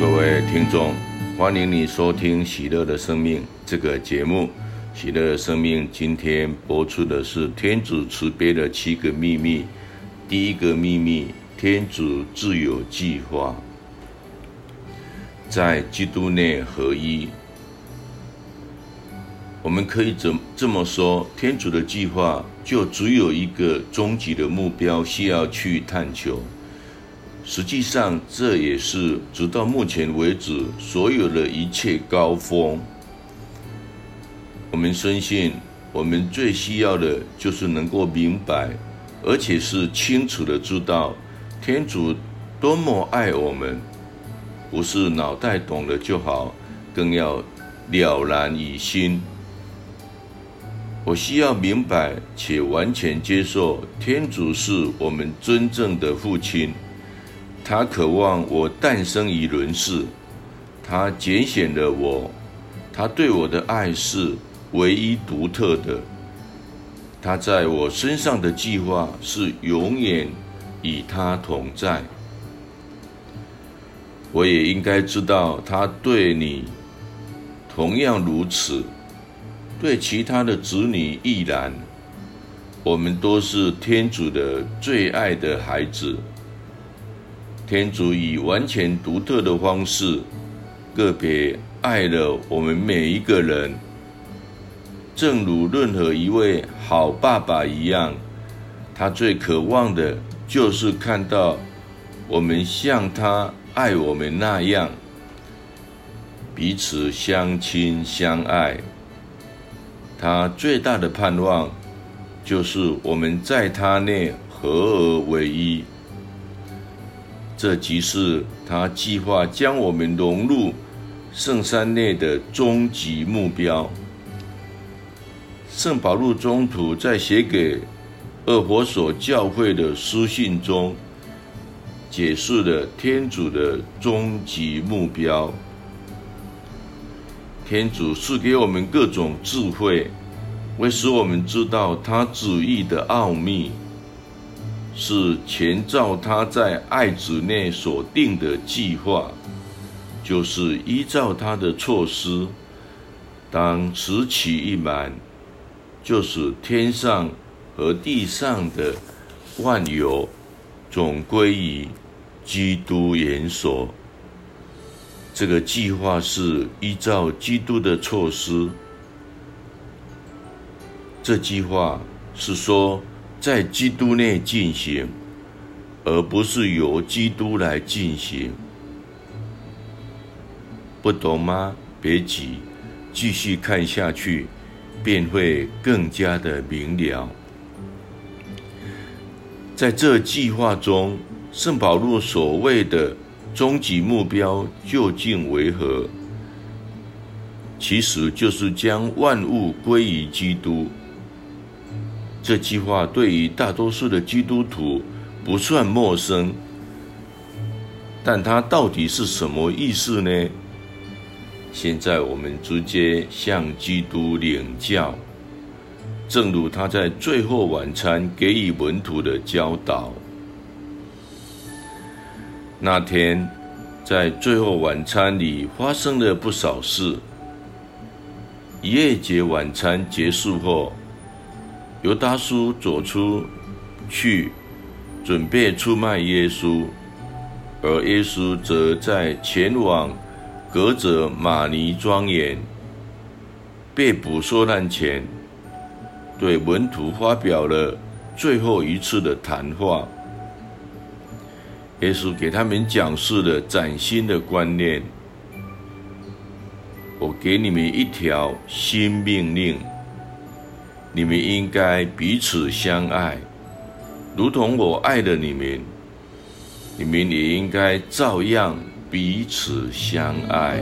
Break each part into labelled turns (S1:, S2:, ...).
S1: 各位聽眾，歡迎你收聽《喜樂的生命》這個節目。《喜樂的生命》今天播出的是天主慈悲的七個祕密。第一個祕密，天主自有計劃，在基督內合一。我們可以這這麼說，天主的計劃就只有一個終極的目標，需要去探求。實際上，這也是直到目前為止所有的一切高峰。我們深信，我們最需要的，就是能夠明白，而且是清楚的知道，天主多麼愛我們。不是腦袋懂了就好，更要了然於心。我需要明白且完全接受，天主是我們真正的父親。他渴望我誕生於人世，他揀選了我，他對我的愛是唯一獨特的。他在我身上的計劃是永遠與他同在。我也應該知道，他對你同樣如此，對其他的子女亦然。我們都是天主的最愛的孩子。天主以完全獨特的方式，個別愛了我們每一個人，正如任何一位好爸爸一樣，他最渴望的就是看到我們像他愛我們那樣，彼此相親相愛。他最大的盼望就是我們在他內合而為一。這即是他計劃將我們融入聖山內的終極目標。聖保祿宗徒在寫給厄弗所教會的書信中，解釋了天主的終極目標。天主賜給我們各種智慧，為使我們知道他旨意的奧秘。是全照，他在愛子內所定的計劃，就是依照他的措施，當時期一滿，就是天上和地上的萬有總歸於基督元首。這個計劃是依照基督的措施。這句話是說，在基督內進行，而不是由基督來進行。不懂嗎？別急，繼續看下去，便會更加的明了。在這計劃中，聖保祿所謂的終極目標究竟為何？其實就是將萬物歸於基督。這句話對於大多數的基督徒不算陌生，但它到底是什麼意思呢？現在我們直接向基督領教，正如他在最後晚餐給予門徒的教導。那天在最後晚餐裡發生了不少事，逾越節晚餐結束後。猶達斯走出去，準備出賣耶穌，而耶穌則在前往革責瑪尼莊園被捕受難前，對門徒發表了最後一次的談話。耶穌給他們講述了嶄新的觀念：“我給你們一條新命令。”你們應該彼此相愛，如同我愛的你們，你們也應該照樣彼此相愛。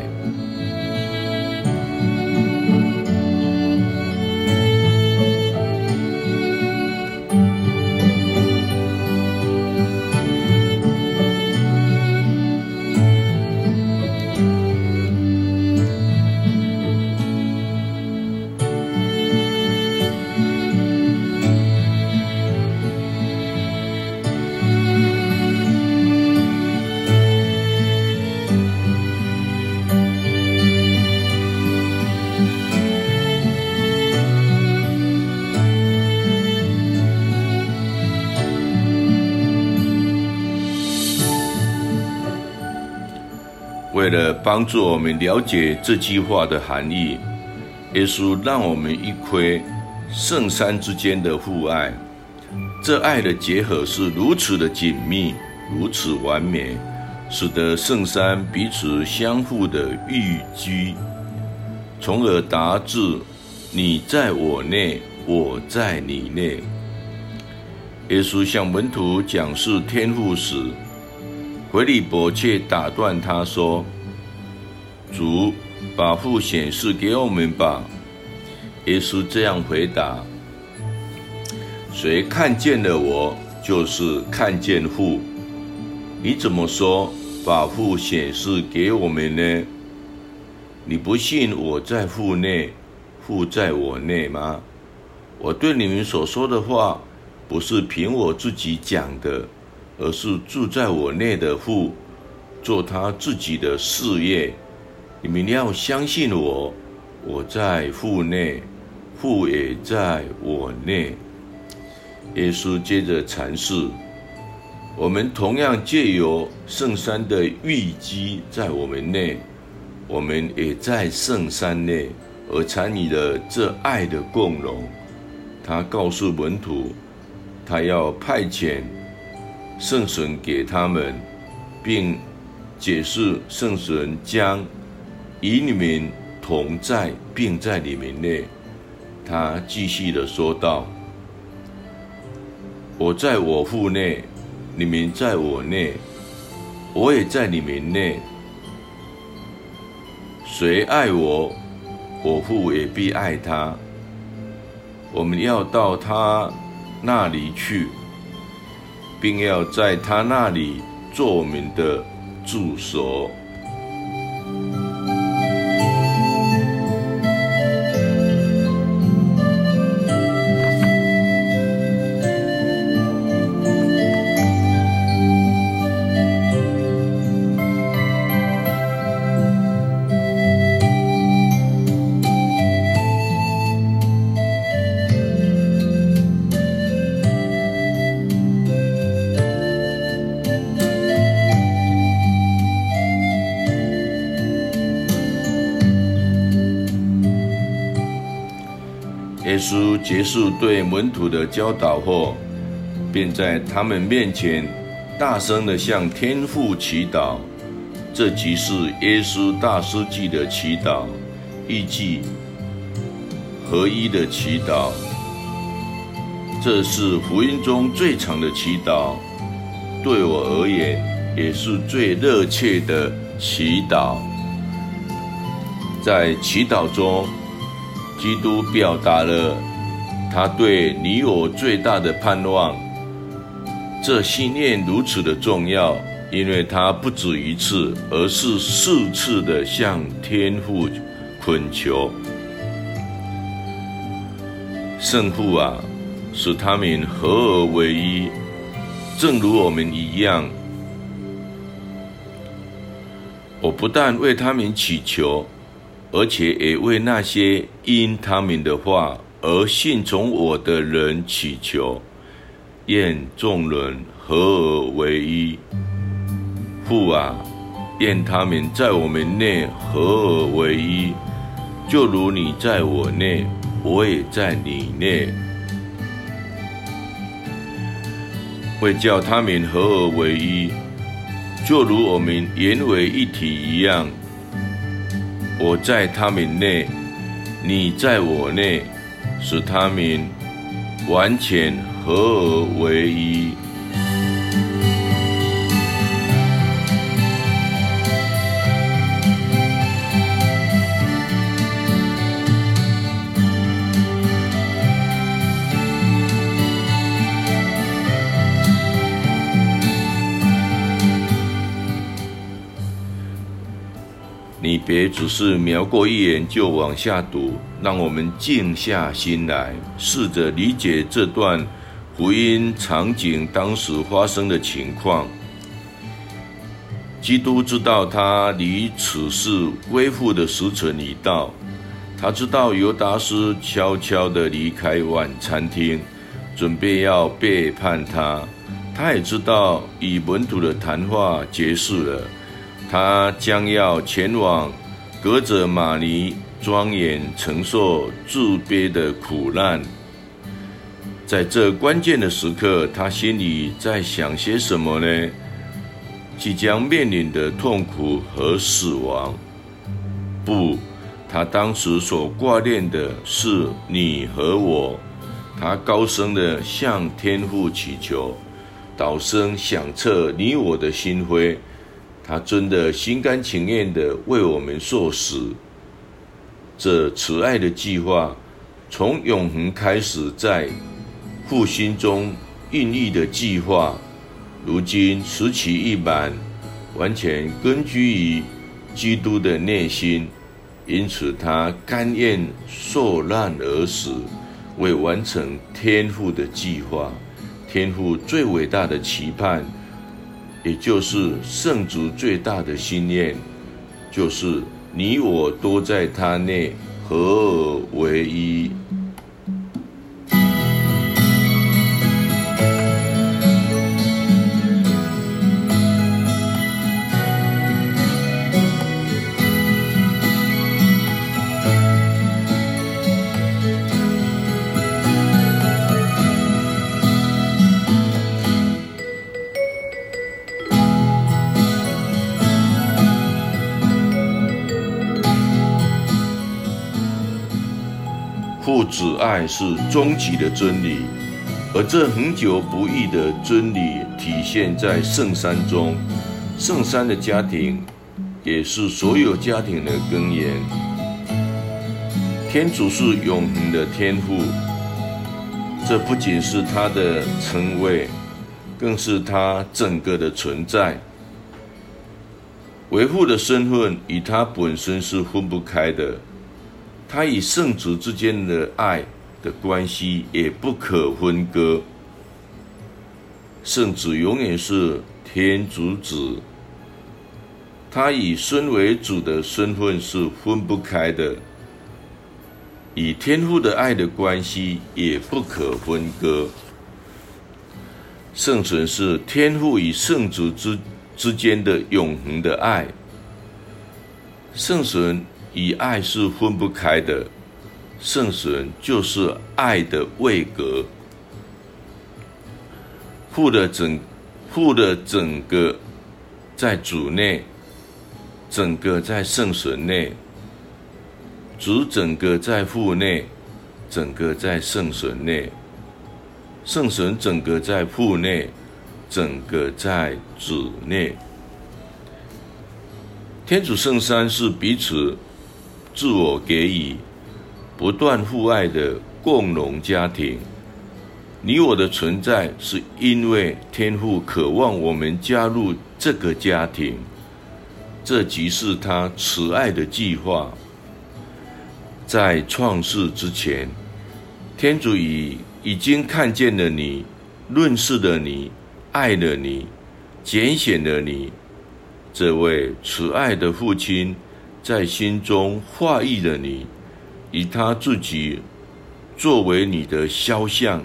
S1: 為了幫助我們了解這句話的含義，耶穌讓我們一窺聖山之間的父愛。這愛的結合是如此的緊密，如此完美，使得聖山彼此相互的寓居，從而達至你在我內，我在你內。耶穌向門徒講述天父時，斐理伯卻打斷他說：“主，把父顯示給我們吧。”耶穌這樣回答：“誰看見了我，就是看見父。你怎麼說把父顯示給我們呢？你不信我在父內，父在我內嗎？我對你們所說的話，不是憑我自己講的。”而是住在我內的父，做他自己的事業。你們要相信我，我在父內，父也在我內。耶穌接着闡釋：我們同樣借由聖山的寓居在我們內，我們也在聖山內，而參與了這愛的共榮。他告訴門徒，他要派遣。聖神給他們，並解釋聖神將與你們同在，並在你們內。他繼續的說道：“我在我父內，你們在我內，我也在你們內。誰愛我，我父也必愛他。我們要到他那裡去。”一定要在他那裡做我們的住所。耶穌結束對門徒的教導後，便在他們面前大聲地向天父祈禱。這即是耶穌大司祭的祈禱，意即合一的祈禱。這是福音中最長的祈禱，對我而言也是最熱切的祈禱。在祈禱中，基督表達了他對你我最大的盼望。這信念如此的重要，因為他不止一次，而是四次的向天父懇求。聖父啊，使他們合而為一，正如我們一樣。我不但為他們祈求。而且也為那些因他們的話而信從我的人祈求，願眾人合而為一。父啊，願他們在我們內合而為一，就如你在我內，我也在你內。為叫他們合而為一，就如我們連為一體一樣。我在他們內，你在我內，使他們完全合而為一。只是瞄過一眼就往下讀，讓我們靜下心來，試着理解這段福音場景當時發生的情況。基督知道他離此世歸父的時辰已到，他知道猶達斯悄悄地離開晚餐廳，準備要背叛他。他也知道與門徒的談話結束了，他將要前往。隔着瑪尼莊嚴承受自別的苦難，在這關鍵的時刻，他心裡在想些什麼呢？即將面臨的痛苦和死亡，不，他當時所掛念的是你和我。他高聲的向天父祈求，禱聲響徹你我的心扉。他真的心甘情願地為我們受死。這慈愛的計劃，從永恆開始，在父心中孕育的計劃，如今實其一般，完全根據於基督的內心。因此，他甘願受難而死，為完成天父的計劃，天父最偉大的期盼。也就是聖主最大的心願，就是你我都在他內合而為一。慈愛是終極的真理，而這恆久不易的真理體現在聖山中。聖山的家庭也是所有家庭的根源。天主是永恆的天父，這不僅是他的稱謂，更是他整個的存在。維護的身份與他本身是分不開的。他與聖子之間的愛的關係也不可分割，聖子永遠是天主子，他以孫為主的身份是分不開的，以天父的愛的關係也不可分割，聖神是天父與聖子之之間的永恆的愛，聖神。以愛是分不開的，聖神就是愛的位格，父的整父的整個在主內，整個在聖神內，主整個在父內，整個在聖神內，聖神整個在父內，整個在主內。天主聖三是彼此。自我給予不斷父愛的共榮家庭。你我的存在是因為天父渴望我們加入這個家庭，這即是他慈愛的計劃。在創世之前，天主已已經看見了你，認識了你，愛了你，揀選了你，這位慈愛的父親。在心中畫意了你，以他自己作為你的肖像，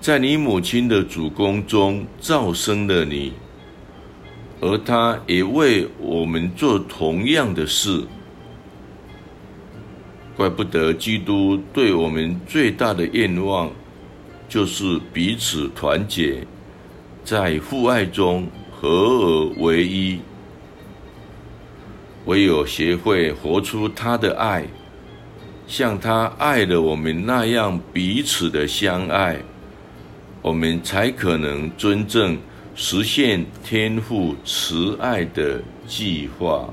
S1: 在你母親的子宮中造生了你，而他也為我們做同樣的事。怪不得基督對我們最大的願望，就是彼此團結，在父愛中合而為一。唯有學會活出他的愛，像他愛了我們那樣彼此的相愛，我們才可能真正實現天父慈愛的計劃。